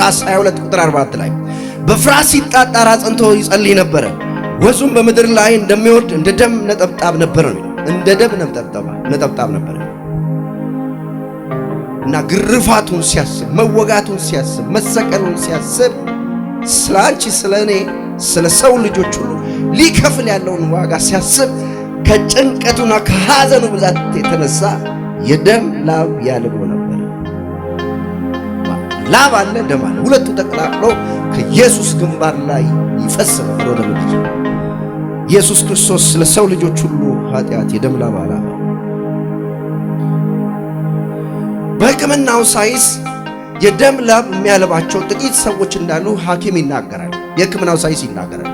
ሉቃስ 22 ቁጥር 44 ላይ በፍርሃት ሲጣጣር አጽንቶ ይጸልይ ነበረ። ወዙም በምድር ላይ እንደሚወርድ እንደ ደም ነጠብጣብ ነበረ ነው እንደ ደም ነጠብጣብ ነበረ። እና ግርፋቱን ሲያስብ፣ መወጋቱን ሲያስብ፣ መሰቀሉን ሲያስብ ስለ አንቺ ስለ እኔ ስለ ሰው ልጆች ሁሉ ሊከፍል ያለውን ዋጋ ሲያስብ ከጭንቀቱና ከሐዘኑ ብዛት የተነሳ የደም ላብ ያልቦ ላብ አለ፣ ደም አለ። ሁለቱ ተቀላቅሎ ከኢየሱስ ግንባር ላይ ይፈስማል ወደ ምድር። ኢየሱስ ክርስቶስ ስለ ሰው ልጆች ሁሉ ኃጢአት የደም ላብ አላማ በሕክምናው ሳይንስ የደም ላብ የሚያለባቸው ጥቂት ሰዎች እንዳሉ ሐኪም ይናገራል። የሕክምናው ሳይንስ ይናገራል።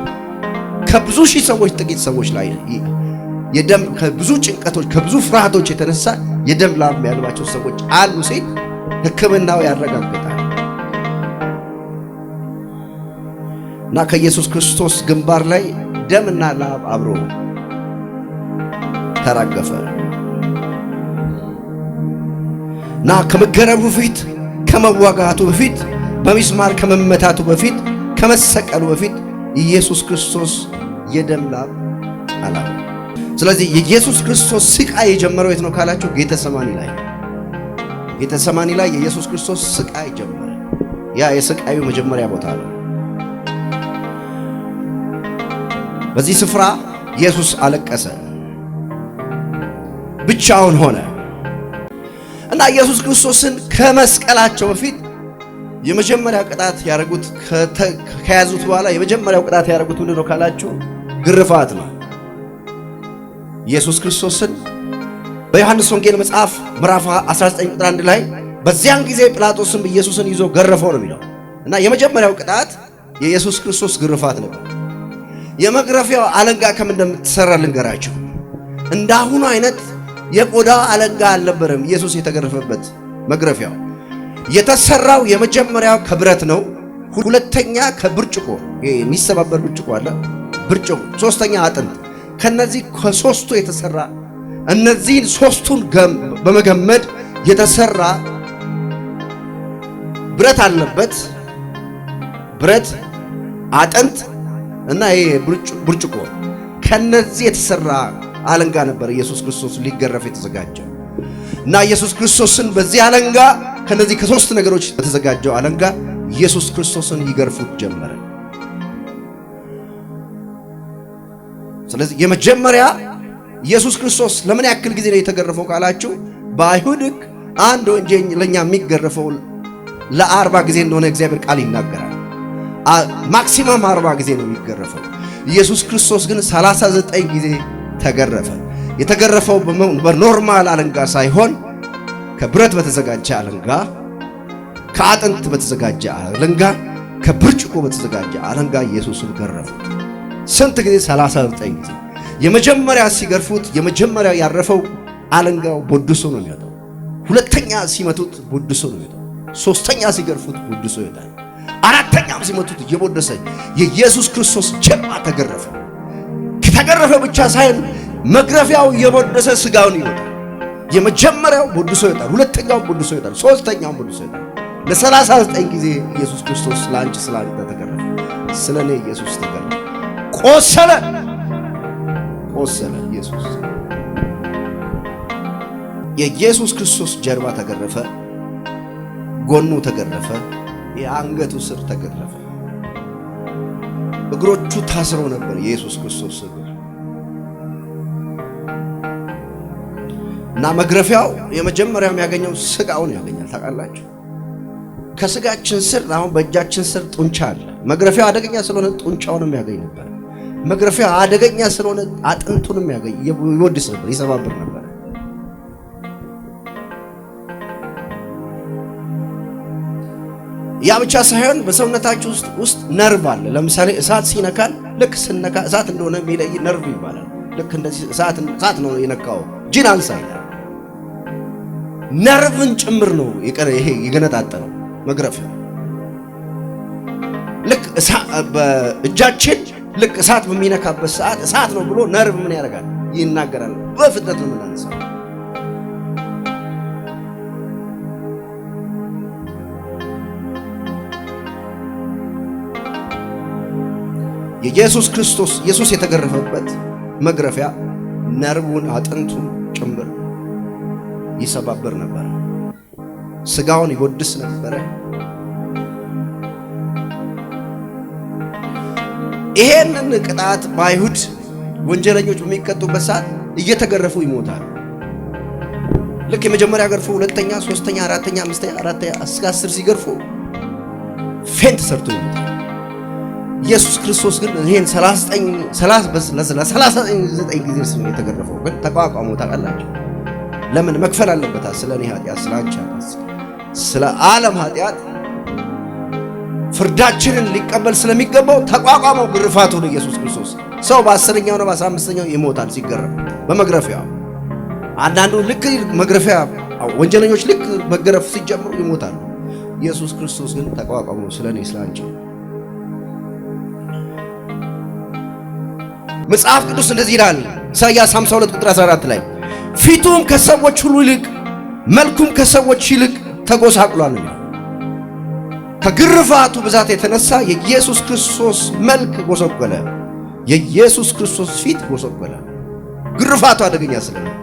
ከብዙ ሺህ ሰዎች ጥቂት ሰዎች ላይ የደም ከብዙ ጭንቀቶች ከብዙ ፍርሃቶች የተነሳ የደም ላብ የሚያለባቸው ሰዎች አሉ ሲል ሕክምናው ያረጋግጣል። እና ከኢየሱስ ክርስቶስ ግንባር ላይ ደምና ላብ አብሮ ተራገፈ እና ከመገረፉ በፊት ከመዋጋቱ በፊት በሚስማር ከመመታቱ በፊት ከመሰቀሉ በፊት ኢየሱስ ክርስቶስ የደም ላብ አላ ስለዚህ የኢየሱስ ክርስቶስ ስቃይ የጀመረው የት ነው ካላችሁ፣ ጌተሰማኒ ላይ ጌተሰማኒ ላይ የኢየሱስ ክርስቶስ ስቃይ ጀመረ። ያ የስቃዩ መጀመሪያ ቦታ ነው። በዚህ ስፍራ ኢየሱስ አለቀሰ፣ ብቻውን ሆነ እና ኢየሱስ ክርስቶስን ከመስቀላቸው በፊት የመጀመሪያው ቅጣት ያደረጉት ከያዙት በኋላ የመጀመሪያው ቅጣት ያደረጉት ምንድን ነው ካላችሁ ግርፋት ነው። ኢየሱስ ክርስቶስን በዮሐንስ ወንጌል መጽሐፍ ምዕራፍ 19 ቁጥር 1 ላይ በዚያን ጊዜ ጲላጦስም ኢየሱስን ይዞ ገረፈው ነው የሚለው እና የመጀመሪያው ቅጣት የኢየሱስ ክርስቶስ ግርፋት ነበር። የመግረፊያው አለንጋ ከምን እንደምትሰራ ልንገራችሁ። እንዳሁኑ አይነት የቆዳ አለንጋ አልነበረም። ኢየሱስ የተገረፈበት መግረፊያው የተሰራው የመጀመሪያው ከብረት ነው። ሁለተኛ ከብርጭቆ የሚሰባበር ብርጭቆ አለ፣ ብርጭቆ ሶስተኛ አጥንት። ከነዚህ ከሶስቱ የተሰራ እነዚህን ሶስቱን በመገመድ የተሰራ ብረት አለበት። ብረት አጥንት እና ይሄ ብርጭቆ ከነዚህ የተሰራ አለንጋ ነበር ኢየሱስ ክርስቶስ ሊገረፍ የተዘጋጀ እና ኢየሱስ ክርስቶስን በዚህ አለንጋ ከነዚህ ከሶስት ነገሮች የተዘጋጀው አለንጋ ኢየሱስ ክርስቶስን ይገርፉት ጀመረ። ስለዚህ የመጀመሪያ ኢየሱስ ክርስቶስ ለምን ያክል ጊዜ ነው የተገረፈው ካላችሁ በአይሁድ አንድ ወንጀል ለኛ የሚገረፈው ለአርባ ጊዜ እንደሆነ እግዚአብሔር ቃል ይናገራል። ማክሲማም 40 ጊዜ ነው የሚገረፈው። ኢየሱስ ክርስቶስ ግን 39 ጊዜ ተገረፈ። የተገረፈው በኖርማል አለንጋ ሳይሆን ከብረት በተዘጋጀ አለንጋ፣ ከአጥንት በተዘጋጀ አለንጋ፣ ከብርጭቆ በተዘጋጀ አለንጋ ኢየሱስን ገረፉት። ስንት ጊዜ? 39 ጊዜ። የመጀመሪያ ሲገርፉት የመጀመሪያ ያረፈው አለንጋው ቦድሶ ነው የሚወጣው። ሁለተኛ ሲመቱት ቦድሶ ነው የሚወጣው። ሶስተኛ ሲገርፉት ቦድሶ ይወጣል። አራት በጣም ሲመቱት እየቦደሰ የኢየሱስ ክርስቶስ ጀርባ ተገረፈ። ከተገረፈ ብቻ ሳይሆን መግረፊያው እየቦደሰ ስጋውን ይወጣል። የመጀመሪያው ቦድሶ ይወጣል፣ ሁለተኛው ቦድሶ ይወጣል፣ ሶስተኛው ቦድሶ ይወጣል። ለ ለ39 ጊዜ ኢየሱስ ክርስቶስ ስለ አንቺ ተገረፈ፣ ስለ እኔ ኢየሱስ ተገረፈ። ቆሰለ ቆሰለ ኢየሱስ የኢየሱስ ክርስቶስ ጀርባ ተገረፈ፣ ጎኑ ተገረፈ። የአንገቱ ስር ተገረፈ። እግሮቹ ታስሮ ነበር። የኢየሱስ ክርስቶስ እግር እና መግረፊያው የመጀመሪያው ያገኘው ስጋውን ያገኛል። ታውቃላችሁ፣ ከስጋችን ስር አሁን በእጃችን ስር ጡንቻ አለ። መግረፊያው አደገኛ ስለሆነ ጡንቻውንም ያገኝ ነበር። መግረፊያው አደገኛ ስለሆነ አጥንቱንም ያገኝ ይወድስ ነበር፣ ይሰባብር ነበር። ያ ብቻ ሳይሆን በሰውነታችሁ ውስጥ ውስጥ ነርቭ አለ። ለምሳሌ እሳት ሲነካል ልክ ስነካ እሳት እንደሆነ የሚለይ ነርቭ ይባላል። ልክ እንደዚህ እሳት እሳት ነው የነካው ጂን አንሳ ይላል። ነርቭን ጭምር ነው ይቀር ይሄ የገነጣጠለው መግረፍ። ልክ እጃችን ልክ እሳት በሚነካበት ሰዓት እሳት ነው ብሎ ነርቭ ምን ያደርጋል? ይናገራል። በፍጥነት ነው የምናነሳው። የኢየሱስ ክርስቶስ ኢየሱስ የተገረፈበት መግረፊያ ነርቡን አጥንቱን ጭምር ይሰባበር ነበር። ስጋውን ይወድስ ነበረ። ይሄንን ቅጣት በአይሁድ ወንጀለኞች በሚቀጡበት ሰዓት እየተገረፉ ይሞታል። ልክ የመጀመሪያ ገርፎ ሁለተኛ፣ ሶስተኛ፣ አራተኛ፣ አምስተኛ፣ አራተኛ እስከ አስር ሲገርፉ ፌንት ሰርቶ ይሞታል። ኢየሱስ ክርስቶስ ግን ይሄን 39 ጊዜ ስም የተገረፈው ግን ተቋቋሞ ታውቃላችሁ። ለምን መክፈል አለበታ? ስለ እኔ ኃጢአት፣ ስለ አንቺ ኃጢአት፣ ስለ ዓለም ኃጢአት ፍርዳችንን ሊቀበል ስለሚገባው ተቋቋመው ግርፋቱን ኢየሱስ ክርስቶስ። ሰው በአስረኛው ነው በአስራ አምስተኛው ይሞታል ሲገረፍ በመግረፊያ። አንዳንዱ ልክ መግረፊያ ወንጀለኞች ልክ መገረፍ ሲጀምሩ ይሞታሉ ኢየሱስ ክርስቶስ ግን ተቋቋመው ስለ እኔ ስለ አንቺ መጽሐፍ ቅዱስ እንደዚህ ይላል ኢሳይያስ 52 ቁጥር 14 ላይ ፊቱም ከሰዎች ሁሉ ይልቅ መልኩም ከሰዎች ይልቅ ተጎሳቅሏል። ከግርፋቱ ብዛት የተነሳ የኢየሱስ ክርስቶስ መልክ ጎሰቆለ። የኢየሱስ ክርስቶስ ፊት ጎሰቆለ። ግርፋቱ አደገኛ ስለነበረ፣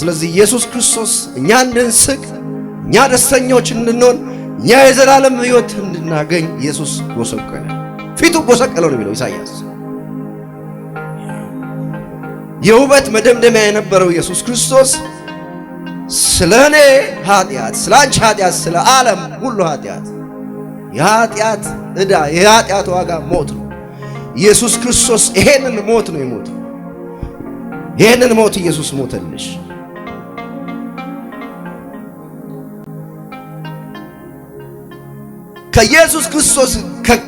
ስለዚህ ኢየሱስ ክርስቶስ እኛ እንድንስቅ፣ እኛ ደስተኞች እንድንሆን፣ እኛ የዘላለም ሕይወት እንድናገኝ ኢየሱስ ጎሰቆለ። ፊቱ ጎሰቀለው ነው የሚለው ኢሳይያስ የውበት መደምደሚያ የነበረው ኢየሱስ ክርስቶስ ስለ እኔ ኃጢአት፣ ስለ አንቺ ኃጢአት፣ ስለ ዓለም ሁሉ ኃጢአት የኃጢአት ዕዳ የኃጢአት ዋጋ ሞት ነው። ኢየሱስ ክርስቶስ ይሄንን ሞት ነው የሞተው። ይሄንን ሞት ኢየሱስ ሞተልሽ። ከኢየሱስ ክርስቶስ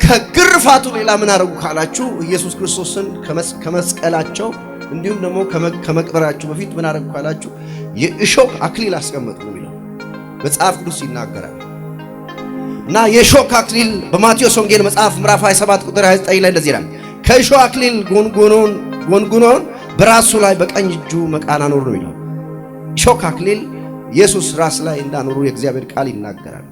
ከግርፋቱ ሌላ ምን አደረጉ ካላችሁ ኢየሱስ ክርስቶስን ከመስቀላቸው እንዲሁም ደግሞ ከመቅበራችሁ በፊት ምን አረግ ካላችሁ የእሾክ አክሊል አስቀምጡ ነው የሚለው መጽሐፍ ቅዱስ ይናገራል። እና የእሾህ አክሊል በማቴዎስ ወንጌል መጽሐፍ ምዕራፍ 27 ቁጥር 29 ላይ እንደዚህ ይላል፣ ከእሾህ አክሊል ጎንጉኖን በራሱ ላይ በቀኝ እጁ መቃን አኖሩ ነው የሚለው። እሾክ አክሊል ኢየሱስ ራስ ላይ እንዳኖሩ የእግዚአብሔር ቃል ይናገራል።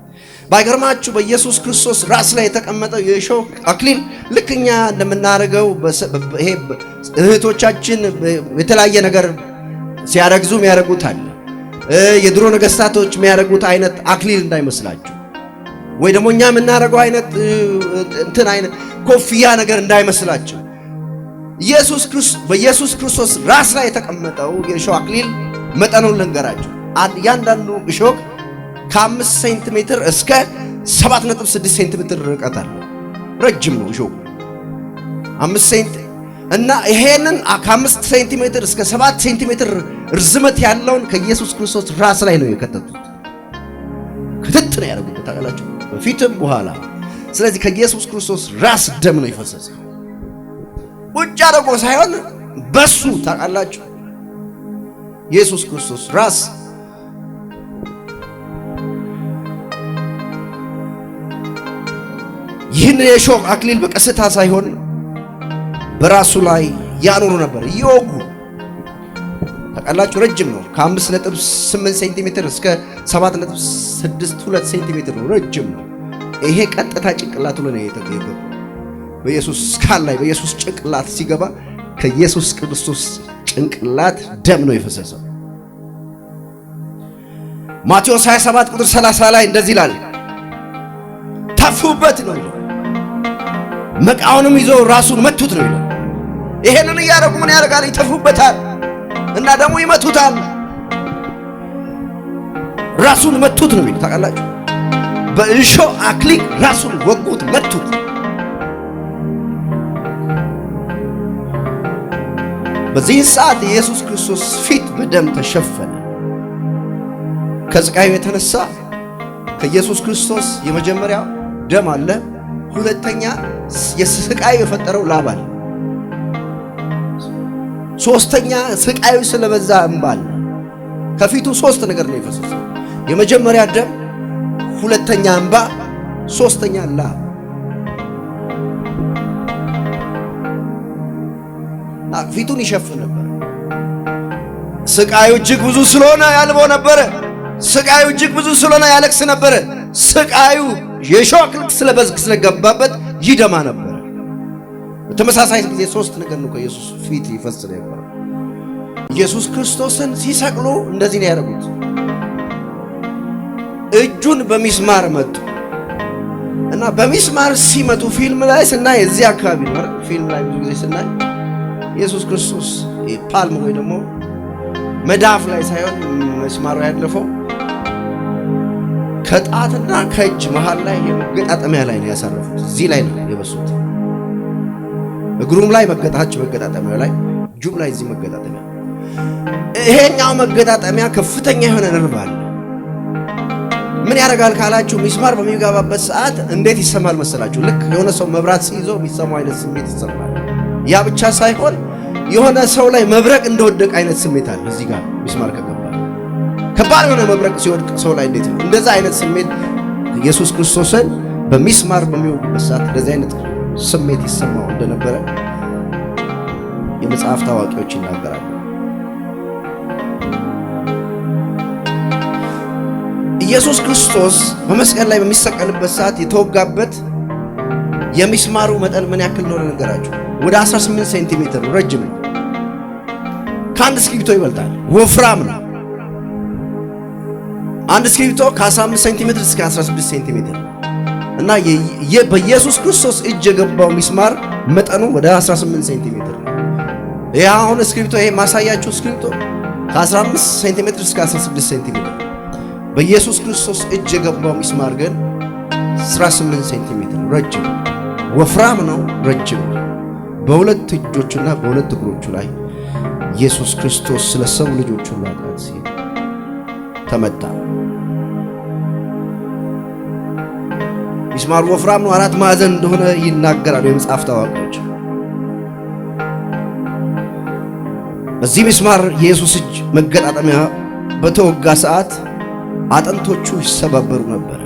ባይገርማችሁ በኢየሱስ ክርስቶስ ራስ ላይ የተቀመጠው የእሾህ አክሊል ልክ እኛ እንደምናደርገው ይሄ እህቶቻችን የተለያየ ነገር ሲያረግዙ የሚያደርጉት አለ። የድሮ ነገስታቶች የሚያደርጉት አይነት አክሊል እንዳይመስላችሁ፣ ወይ ደግሞ እኛ የምናደርገው አይነት እንትን አይነት ኮፍያ ነገር እንዳይመስላችሁ። በኢየሱስ ክርስቶስ ራስ ላይ የተቀመጠው የእሾህ አክሊል መጠኑን ልንገራችሁ። እያንዳንዱ እሾህ ከአምስት ሴንቲሜትር እስከ ሰባት ነጥብ ስድስት ሴንቲሜትር ርቀት አለው። ረጅም ነው እሾሁ አምስት ሴንት እና ይሄንን ከአምስት ሴንቲሜትር እስከ ሰባት ሴንቲሜትር ርዝመት ያለውን ከኢየሱስ ክርስቶስ ራስ ላይ ነው የከተቱት። ክትት ነው ያደረጉበት ታውቃላችሁ፣ በፊትም በኋላ። ስለዚህ ከኢየሱስ ክርስቶስ ራስ ደም ነው የፈሰሰው። ውጭ አድርጎ ሳይሆን በሱ ታውቃላችሁ፣ ኢየሱስ ክርስቶስ ራስ ይህን የእሾህ አክሊል በቀስታ ሳይሆን በራሱ ላይ ያኖሩ ነበር እየወጉ ተቀላጩ ረጅም ነው። ከ5.8 ሴንቲሜትር እስከ 7.62 ሴንቲሜትር ነው። ረጅም ነው። ይሄ ቀጥታ ጭንቅላቱ ላይ የተገበ በኢየሱስ ካል ላይ በኢየሱስ ጭንቅላት ሲገባ ከኢየሱስ ክርስቶስ ጭንቅላት ደም ነው የፈሰሰው። ማቴዎስ 27 ቁጥር 30 ላይ እንደዚህ ይላል፣ ተፉበት ነው መቃውንም ይዞ ራሱን መቱት ነው ይላል። ይሄንን እያደረጉ ምን ያደርጋል? ይተፉበታል እና ደግሞ ይመቱታል። ራሱን መቱት ነው የሚለው። ታውቃላችሁ፣ በእሾ አክሊል ራሱን ወጉት፣ መቱት። በዚህ ሰዓት ኢየሱስ ክርስቶስ ፊት በደም ተሸፈነ። ከስቃዩ የተነሳ ከኢየሱስ ክርስቶስ የመጀመሪያው ደም አለ፣ ሁለተኛ ስቃይ የፈጠረው ላባል ሶስተኛ ስቃዩ ስለበዛ እምባል ከፊቱ ሶስት ነገር ነው የፈሰሰው። የመጀመሪያ ደም፣ ሁለተኛ እምባ፣ ሶስተኛ ላብ። ፊቱን ይሸፍን ነበር። ስቃዩ እጅግ ብዙ ስለሆነ ያልበው ነበረ። ስቃዩ እጅግ ብዙ ስለሆነ ያለቅስ ነበረ። ስቃዩ የሾህ ክልክ ስለበዝግ ስለገባበት ይደማ ነበር። በተመሳሳይ ጊዜ ሶስት ነገር ነው ከኢየሱስ ፊት ይፈስ ነበር። ኢየሱስ ክርስቶስን ሲሰቅሉ እንደዚህ ነው ያደረጉት። እጁን በሚስማር መቱ እና በሚስማር ሲመቱ ፊልም ላይ ስናይ እዚህ አካባቢ ነው። ፊልም ላይ ብዙ ጊዜ ስናይ ኢየሱስ ክርስቶስ ፓልም ወይ ደግሞ መዳፍ ላይ ሳይሆን መስማሩ ያለፈው ከጣትና ከእጅ መሃል ላይ መገጣጠሚያ ላይ ነው ያሳረፉት። እዚህ ላይ ነው የበሱት። እግሩም ላይ መገጣች መገጣጠሚያ ላይ እጁም ላይ እዚህ መገጣጠሚያ ይሄኛው መገጣጠሚያ ከፍተኛ የሆነ ነርቭ አለ። ምን ያደርጋል ካላችሁ፣ ሚስማር በሚገባበት ሰዓት እንዴት ይሰማል መሰላችሁ? ልክ የሆነ ሰው መብራት ሲይዘው የሚሰማው አይነት ስሜት ይሰማል። ያ ብቻ ሳይሆን የሆነ ሰው ላይ መብረቅ እንደወደቅ አይነት ስሜት አለ እዚህ ጋር ሚስማር ከባድ የሆነ መብረቅ ሲወድቅ ሰው ላይ እንዴት ነው? እንደዛ አይነት ስሜት ኢየሱስ ክርስቶስን በሚስማር በሚወጉበት ሰዓት እንደዚህ አይነት ስሜት ይሰማው እንደነበረ የመጽሐፍ ታዋቂዎች ይናገራሉ። ኢየሱስ ክርስቶስ በመስቀል ላይ በሚሰቀልበት ሰዓት የተወጋበት የሚስማሩ መጠን ምን ያክል እንደሆነ ነገራችሁ። ወደ 18 ሴንቲሜትር ረጅም ነው። ከአንድ እስክሪብቶ ይበልጣል። ወፍራም ነው። አንድ እስክሪብቶ ከ15 ሴንቲሜትር እስከ 16 ሴንቲሜትር እና በኢየሱስ ክርስቶስ እጅ የገባው ሚስማር መጠኑ ወደ 18 ሴንቲሜትር ነው። ይህ አሁን እስክሪብቶ ይሄ ማሳያችሁ እስክሪብቶ ከ15 ሴንቲሜትር እስከ 16 ሴንቲሜትር በኢየሱስ ክርስቶስ እጅ የገባው ሚስማር ግን 18 ሴንቲሜትር ረጅም ወፍራም ነው። ረጅም በሁለት እጆቹና በሁለት እግሮቹ ላይ ኢየሱስ ክርስቶስ ስለ ሰው ልጆቹ ማጣት ሲል ተመታ። ሚስማሩ ወፍራም ነው፣ አራት ማዕዘን እንደሆነ ይናገራሉ የመጽሐፍ ታዋቂዎች። በዚህ ሚስማር የኢየሱስ እጅ መገጣጠሚያ በተወጋ ሰዓት አጥንቶቹ ይሰባበሩ ነበር።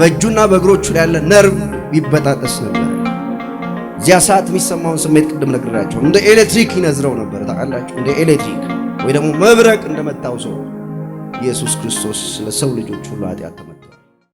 በእጁና በእግሮቹ ላይ ያለ ነርቭ ይበጣጠስ ነበር። እዚያ ሰዓት የሚሰማውን ስሜት ቅድም ነግራቸው እንደ ኤሌክትሪክ ይነዝረው ነበር። ታውቃላችሁ፣ እንደ ኤሌክትሪክ ወይ ደግሞ መብረቅ እንደመታው ሰው ኢየሱስ ክርስቶስ ለሰው ልጆች ሁሉ ኃጢአት ተመቷል።